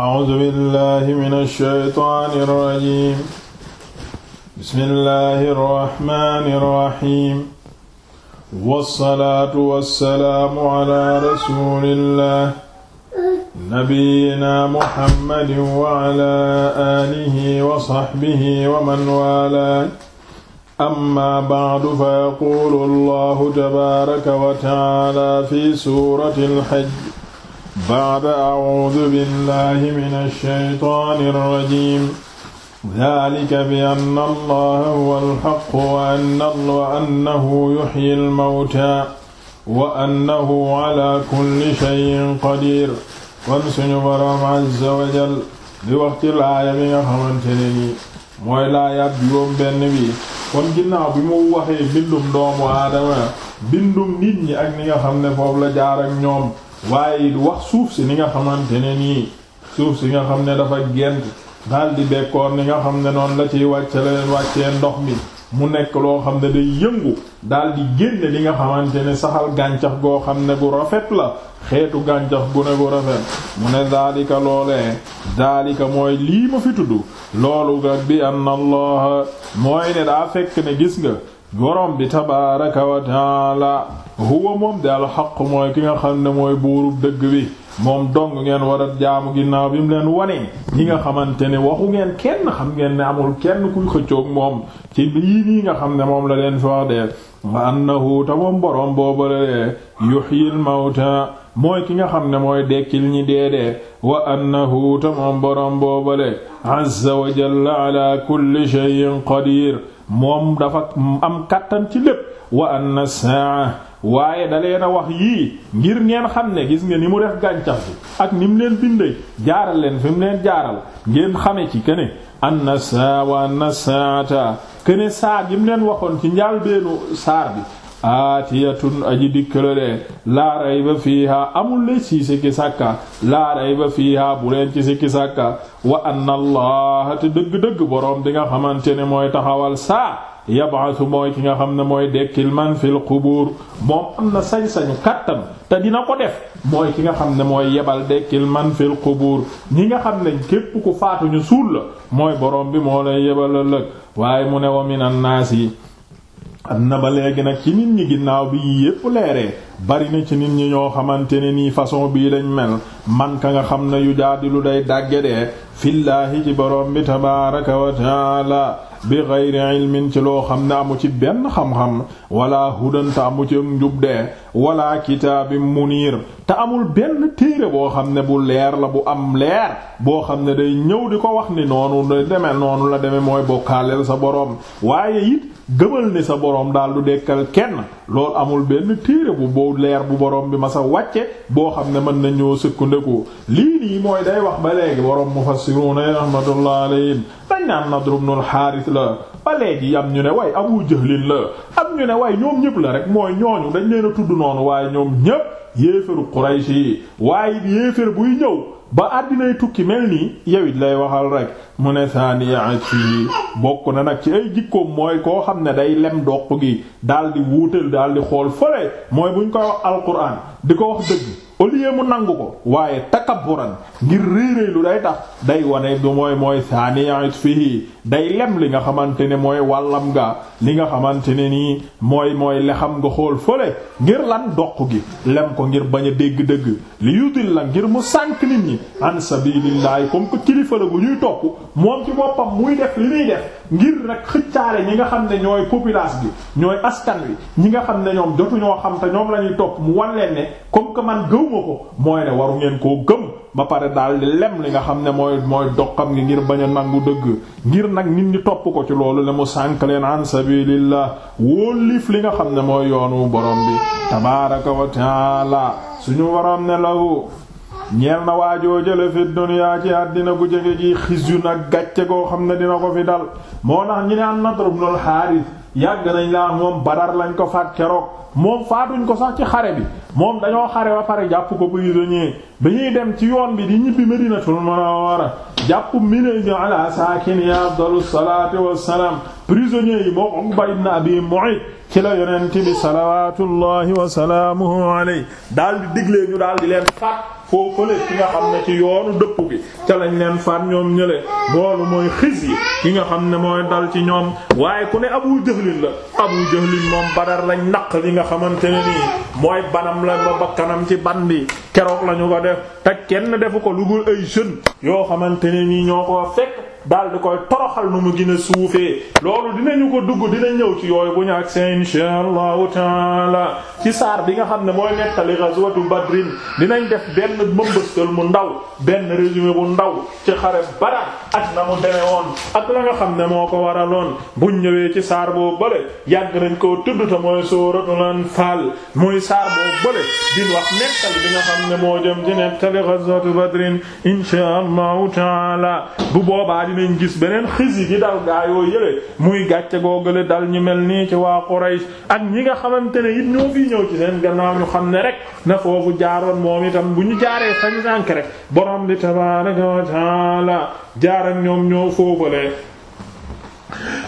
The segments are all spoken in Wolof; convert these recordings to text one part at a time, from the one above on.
a'uuzu billahi mina shaytaani rajiim bismillahi rahmaani rahiim wassalaatu wassalaamu ala rasuulillah nabiyyina muhammadin wa ala aalihi wa sahbihi wa man waalaa amma ba'du fa yaquulu allahu tabaaraka wa ta'aala fi suuratil hajj ba'da a'uudu billahi mina shaytaani rajiim zaalika bi anna allaha huwal haqq wa annahu yuhyil mawtaa wa annahu ala kulli shay'in qadiir kon suñu boroom azza wa jal di wax ci laaya bi nga xamante ne nii mooy laayab yoom benn bi kon ginnaaw bi mu waxee bindum doomu aadama bindum nit ñi ak ni nga xam ne foofu la jaar ak ñoom waaye du wax suuf si ni nga xamante ne nii suuf si nga xam ne dafa gent daal di bekkoor ni nga xam ne noonu la ciy wàcce leen wàccee ndox mi mu nekk loo xam ne day yëngu daal di génne li nga xamante ne saxal gàncax goo xam ne gu rafet la xeetu gàncax gu ne gu rafet mu ne daalika loolee daalika mooy lii ma fi tudd loolu nga bi anna allah mooy ne daa fekk ne gis nga borom bi tabaaraka wa taala huwa moom daal xaq mooy ki nga xam ne mooy buurub dëgg bi moom dong ngeen war a jaamu ginnaaw bi mu leen wane yi nga xamante ne waxu ngeen kenn xam ngeen ne amul kenn kuy xëccoog moom ci lii nii nga xam ne moom la leen fi wax dee wa annahu ta moom boroom boobalee yuhyil mawta mooy ki nga xam ne mooy dekkil ñi deedee wa annahu ta moom boroom boobale azza wa jalla ala kulli shay'in qadir moom dafa am kàttan ci lépp wa anna saa waaye da leen a wax yii ngir ngeen xam ne gis nga ni mu def gàncax bi ak ni leen bindee jaaral leen fi mu leen jaaral ngeen xame ci kene anna saa wa anna saata kene saa gi mu leen waxoon ci njaal beenu saar bi aatiyatun aji dikkala de laa rayba fiiha amul leen ci sikki sàkka laa rayba fiiha bu leen ci sikki sàkka wa anna allaha te dëgg-dëgg boroom bi nga xamante ne mooy taxawal saa yabaasu mooy ki nga xam ne mooy dekkil man fil qubuur moom am na sañ-sañu kàttan te dina ko def mooy ki nga xam ne mooy yebal dekkil man fil qubuur ñi nga xam ne képp ku faatuñu suul la mooy boroom bi moo lay yebal ëllëg waaye mu ne wa minan naas yi am na ba léegi nag ci nit ñi ginnaaw bi yi yépp leeree bari na ci nit ñi ñoo xamante ne nii façon bii lañ mel man ka nga xam ne yu jaadilu day dàggedee fillaahi ci borom bi tabaaraka wa taala bi gayri ilmin ci loo xam ne amu ci benn xam-xam wala hudanta amu ci njub de wala kitaabi muniir te amul benn téere boo xam ne bu leer la bu am leer boo xam ne day ñëw di ko wax ni noonu la deme noonu la deme mooy bokkaaleel sa borom waaye it gëmal ni sa boroom daal du dekkal kenn loolu amul benn téere bu boo leer bu borom bi ma sa wàcce boo xam ne mën na ñoo sëkkandiku lii nii mooy day wax ba léegi boroom mufassiruna rahmatullah alayhim dañ naan Nadr ibn al-Harith la ba léegi am ñu ne way Abu Jahlin la am ñu ne way ñoom ñëpp la rek mooy ñooñu dañ leen a tudd noonu waaye ñoom ñëpp yéefaru Quraysh yi waaye yéefar buy ñëw ba àddinay tukki mel nii yow it lay waxal rek mu ne saaniyaa ci bokk na nag ci ay jikkoom mooy koo xam ne day lem doq gi daal di wuutal daal di xool fële mooy buñ koy wax alquran di ko wax dëgg au lieu mu nangu ko waaye takabburan ngir réeréelu day tax day wane du mooy mooy saaniyaat fii day lem li nga xamante ne mooy wàllam ga li nga xamante ne nii mooy mooy lexam nga xool fële ngir lan doq gi lem ko ngir bañ a dégg-dégg li yudil la ngir mu sànk nit ñi an sabilillahi comme que kilifa la bu ñuy topp moom ci boppam muy def li muy def ngir nag xëccaale ñi nga xam ne ñooy populace bi ñooy askan wi ñi nga xam ne ñoom jotu ñoo xam te ñoom la ñuy topp mu wan leen ne comme que man gëw gëmuma ko mooy ne waru ngeen koo gëm ba pare daal di lem li nga xam ne mooy mooy doxam ngi ngir bañ a nangu dëgg ngir nag nit ñi topp ko ci loolu le mu sànk leen an sabilillah wóolif li nga xam ne mooy yoonu borom bi tabaraka wa taala suñu waroon ne lahu ñeel na waajoo jële fi duniyaa ci àddina gu jege gi xis yu nag gàcce goo xam ne dina ko fi dal moo tax ñi ne an Nadr ibn al Harith yàgg nañ laa moom Badar lañ ko faat keroog moom faatuñ ko sax ci xare bi moom dañoo xare ba pare jàpp ko prisonnier dañuy dem ci yoon bi di ñibbi Madinatul Munawwara jàpp minee ñu ala saakini ya afdalu salaatu wassalaam prisonnier yi moo Uqba ibn Abi Mu'ayt ci la yonent bi salawaatullahi wa salaamuhu alayhi daal di diglee ñu daal di leen faat foofale ki nga xam ne ci yoonu dëpp gi ca lañ leen faat ñoom ñële loolu mooy xis yi ki nga xam ne mooy dal ci ñoom waaye ku ne abu jahlin la abu jahlin moom badar lañ naq li nga xamante ne nii mooy banam la ba bakkanam ci ban bi keroog lañu ko def te kenn defu ko lu dul ay jeunes yoo xamante ne nii ñoo ko fekk daal di koy toroxal nu mu gën a suufee loolu dinañu ko dugg dina ñëw ci yooyu bu ñu ak seen insha allahu taala ci saar bi nga xam ne mooy nettali ghazwatu badrin dinañ def benn mëmbëstal mu ndaw benn résumé bu ndaw ci xare Badar ak na mu demee woon ak la nga xam ne moo ko waraloon buñ ñëwee ci saar boo bële yàgg nañ koo tudd te mooy suuratul anfaal muy saar boo bële di wax nettali bi nga xam ne moo jëm ci nettali ghazwatu badrin insha allahu taala bu boobaa dinañ gis beneen xis gi dal gaa yoo yële muy gàcce googale dal ñu mel nii ci waa Quraysh ak ñi nga xamante ne it ñoo fi ñëw ci seen gannaaw ñu xam ne rek na foofu jaaroon moom itam bu ñu jaaree sañ sànk rek borom bi tabaaraka wa taala jaar ak ñoom ñoo foofale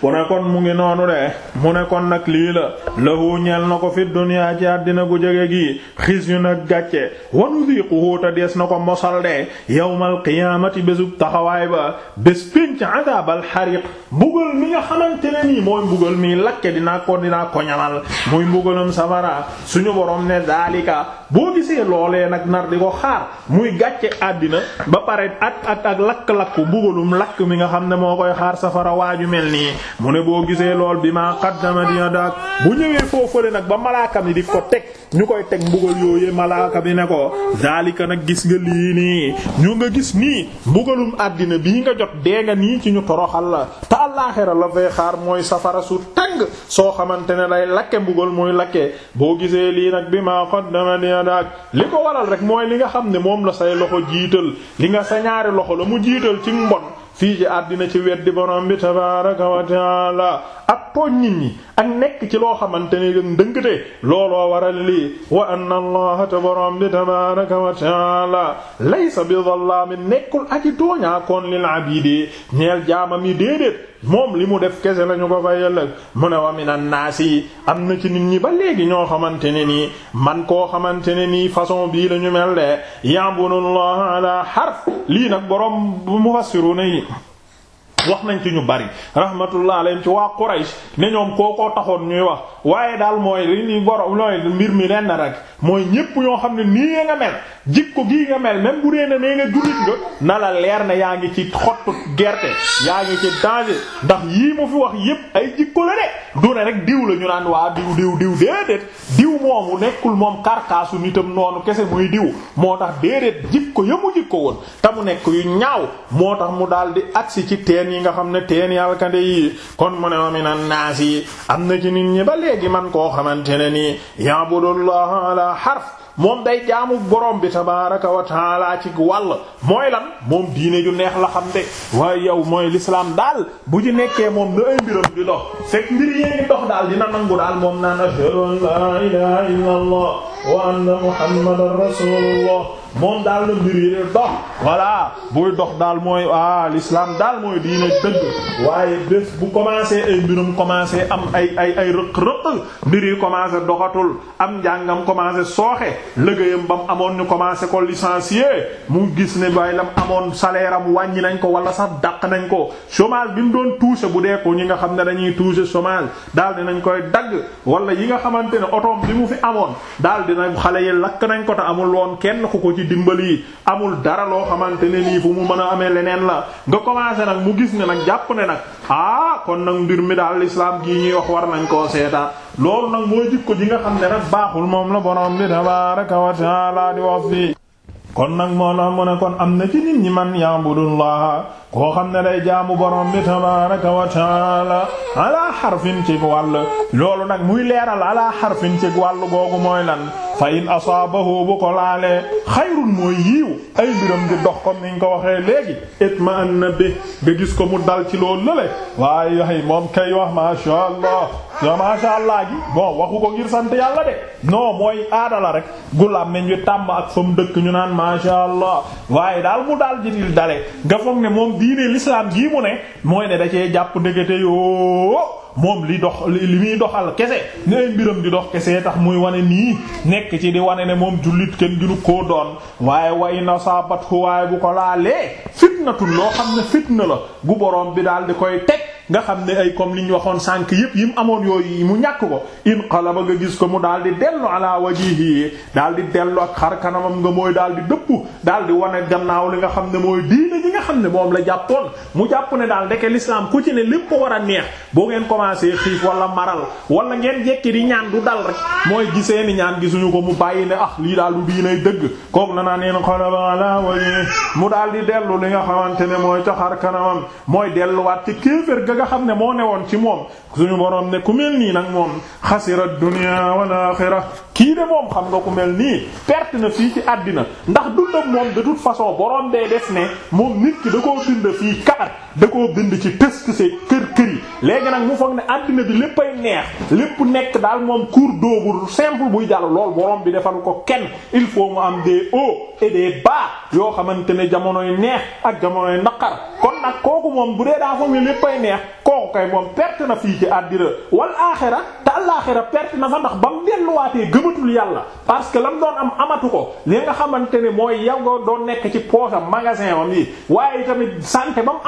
ku ne kon mu ngi noonu de mu ne kon nag lii la lahu ñeel na ko fi dunya ci àddina gu jege gi xis yu nag gàcce wanu diiquhu ta dees na ko mosal de yawmal qiyaamati bésub taxawaay ba bés pinc adaabal xariq mbugal mi nga xamante ne nii mooy mbugal mi lakke dinaa ko dinaa ko ñamal muy mbugalum safara suñu borom ne daalika boo gisee loolee nag nar di ko xaar muy gàcce àddina ba pare at ak ak lakk-lakku mbugalum lakk mi nga xam ne moo koy xaar safara waaju mel nii mu ne boo gisee lool bi maa qaddamat yadak bu ñëwee foofale nag ba malaaka mi di ko teg ñu koy teg mbugal yooyee malaaka bi ne ko zalika nag gis nga lii nii ñu nga gis nii mbugalum àddina bii nga jot dee nga nii ci ñu toroxal la te àllaaxira la fay xaar mooy safara su tàng soo xamante ne lay lakke mbugal mooy lakke boo gisee lii nag bi ma qaddamat yadak li ko waral rek mooy li nga xam ne moom la say loxo jiital li nga sa ñaari loxo la mu jiital ci mbon fii ci àddina ci weddi borom bi tabaaraka wa taala ak tooñ nit ak nekk ci loo xamante ne ndëngte looloo waral lii wa anna allaha te borom tabaaraka wa taala laysa bi zallaamin nekkul aji tooñaakoon lil abidi ñeel jaamam yi déedéet moom li mu def kese lañu ko fay ëllëg mu ne wa minan naas am na ci nit ñi ba léegi ñoo xamante ne nii man koo xamante ne nii façon bii la ñu mel de ya'budu allaha ala harf lii nag borom mufassiruna yi wax nañ ci ñu bari rahmatullah alayhim ci waa Quraysh ne ñoom kookoo taxoon ñuy wax waaye daal mooy li ñuy boro looy mbir mi lenn rek mooy ñépp ñoo xam ne nii nga mel jikko gii nga mel même bu dee na nee nga jullit nga na la leer na yaa ngi ci xottu gerte yaa ngi ci danger ndax yii mu fi wax yépp ay jikko la de du ne rek diw la ñu naan waa diw diw diw déedéet diw moomu nekkul moom karkaasu nitam noonu kese muy diw moo tax déedéet jikko ya mu jikko woon te mu nekk yu ñaaw moo tax mu daal di agsi ci teen yi nga xam ne teen yi alkande kon mu yi am na léegi man koo xamante ne nii ya'budullaha ala harf moom day jaamu borom bi tabaaraka wa taala ci wàll mooy lan moom diine ju neex la xam de waaye yow mooy lislaam daal bu ji nekkee moom na ay mbiram di dox fekk mbir yee ngi daal dina nangu daal moom naan ashhadu an laa ilaaha illallah wa anna muhammadan rasulullah moom daal la mbir yi dox voilà buy dox daal mooy ah l'islam daal mooy diine dëgg waaye bés bu commencé ay mbirum commencé am ay ay ay rëq-rëq mbir yi commencé doxatul am njàngam commencé sooxe liggéeyam ba mu amoon ñu commencé ko licencier mu gis ne waaye lam amoon salaire am wàññi nañ ko wala sax dàq nañ ko chômage bi mu doon touché bu dee ko ñi nga xam ne dañuy touché dal di nañ koy dagg wala yi nga xamante ne otoom bi mu fi amoon daal dinañ xale yi lakk nañ ko te amul woon kenn ku dimbali amul dara loo xamante ne nii fu mu mën a amee leneen la nga commencé nag mu gis ne nag jàpp ne nag ah kon nag mbir mi daal islam gii ñuy wax war nañ koo seetaan loolu nag mooy jikko ji nga xam ne nag baaxul moom la borom bi tabaaraka wa taala di wax fii. kon nag moo la mu ne kon am na ci nit ñi man ya'budullaha koo xam ne day jaamu borom bi tabaraka wa taala ala xarfin ci wàll loolu nag muy leeral ala xarfin ci wàll googu mooy lan fa in asaabahu ko laalee xayrun mooy yiiw ay mbiram di dox comme niñ ko waxee léegi itma'anna bi nga gis ko mu dal ci loolu lale waaye yaay moom kay wax masha Allah yo masha Allah gi bon waxu ko ngir sant yàlla de non mooy aada rek gulaam ne ñu tàmm ak fa mu dëkk ñu naan masha Allah waaye daal mu daal di dale nga foog ne moom diine l'islam gii mu ne mooy ne da cee jàpp ndekete yoo moom li dox li muy doxal kese ne ay mbiram di dox kese tax muy wane nii nekk ci di wane ne moom jullit kenn ginu koo doon waaye way na saabat fu waaye bu ko laalee fitnatul loo xam ne fitna la gu borom bi daal di koy teg nga xam ne ay comme li ñu waxoon sànk yëpp yi mu amoon yooyu mu ñàkk ko inqalaba nga gis ko mu daal di dellu ala wajihi daal di dellu ak xar kanamam nga mooy daal di dëpp daal di wane gannaaw li nga xam ne mooy diine ji nga xam ne moom la jàppoon mu jàpp ne daal ndeke l'islam ku ci ne lépp war a neex boo ngeen commencé xiif wala maral wala ngeen jekki di ñaan du dal rek mooy gisee ni ñaan gisuñu ko mu bàyyi ne ah lii dal du diinay dëgg koo na naan inqalaba ala wajihi mu daal di dellu li nga xamante ne mooy ca xar nga xam ne moo ne woon ci moom suñu boroom ne ku mel nii nag moom xasira dunya wal kii de moom xam nga ku mel nii perte na fii ci àddina ndax dundam moom de toute façon boroom day def ne moom nit ki da koo bind fii kaat da koo bind ci tësk see kër kër léegi nag mu foog ne àddina bi léppay neex lépp nekk daal moom cours d'eau bu simple buy jàll lool boroom bi defal ko kenn il faut mu am des hauts et des bas yoo xamante ne jamonoy neex ak jamonoy naqar kon nag kooku moom bu dee daa foog ni léppay neex kooku kay moom perte na fii ci àddina wal aaxira te alaaxira perte na fa ndax ba mu delluwaatee gëmatul yàlla parce que lam doon am amatu ko li nga xamante ne mooy yagoo doon nekk ci poosam magasin am yi waaye tamit santé ba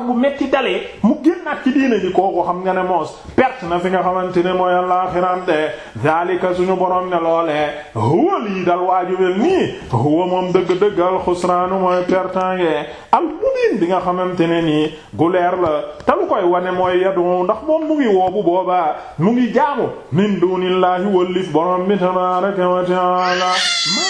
bu metti dalee mu génnaat ci diina ji nga ne moos perte na fi nga xamante ne mooy alaaxiram de zalika suñu borom ne loolee huwa lii dal waajubel nii huwa moom dëgg-dëgg alxusraanu mooy pertange al mubin bi nga xamante ne nii guleer la te koy wane mooy yadu ndax moom mu ngi woobu boobaa mu ngi jaamu min dunillahi wallif borom bi tabaaraka wa ta'aala maa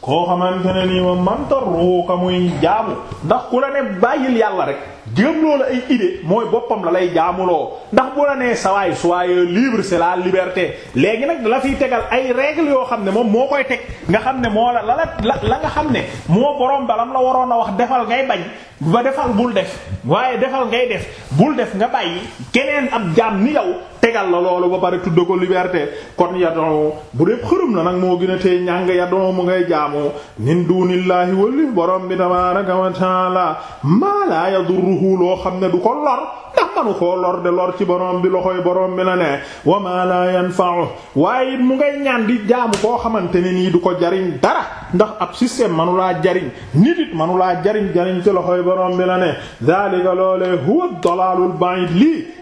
koo xamante ne nii moom mantar ruuka muy jaamu ndax ku la ne bàyyil yàlla rek jëm loola ay idée mooy boppam la lay jaamuloo ndax bu la nee sawaay soyez libre c'est la liberté léegi nag la fiy tegal ay règles yoo xam ne moom moo koy teg nga xam ne moo la la la la nga xam ne moo borom balam la waroon a wax defal ngay bañ ba defal bul def waaye defal ngay def bul def nga bàyyi keneen ab jaam ni yow tegal la loolu ba pare tudd ko liberté kon yadoo bu dee xërëm la nag moo gën a tee ñàng yadoo mu ngay jaamu min dunillahi wali borom bi tabaaraka wa taala maa laa yadurruhu loo xam ne du ko lor ndax manu koo lor de lor ci borom bi loxoy borom bi la ne wa maa laa yanfa'u waaye mu ngay ñaan di jaamu koo xamante ni nii du ko jariñ dara ndax ab système manu laa jariñ nit it manu laa jariñ jariñ ci loxoy borom bi la ne daalika loolee huwa dalaalul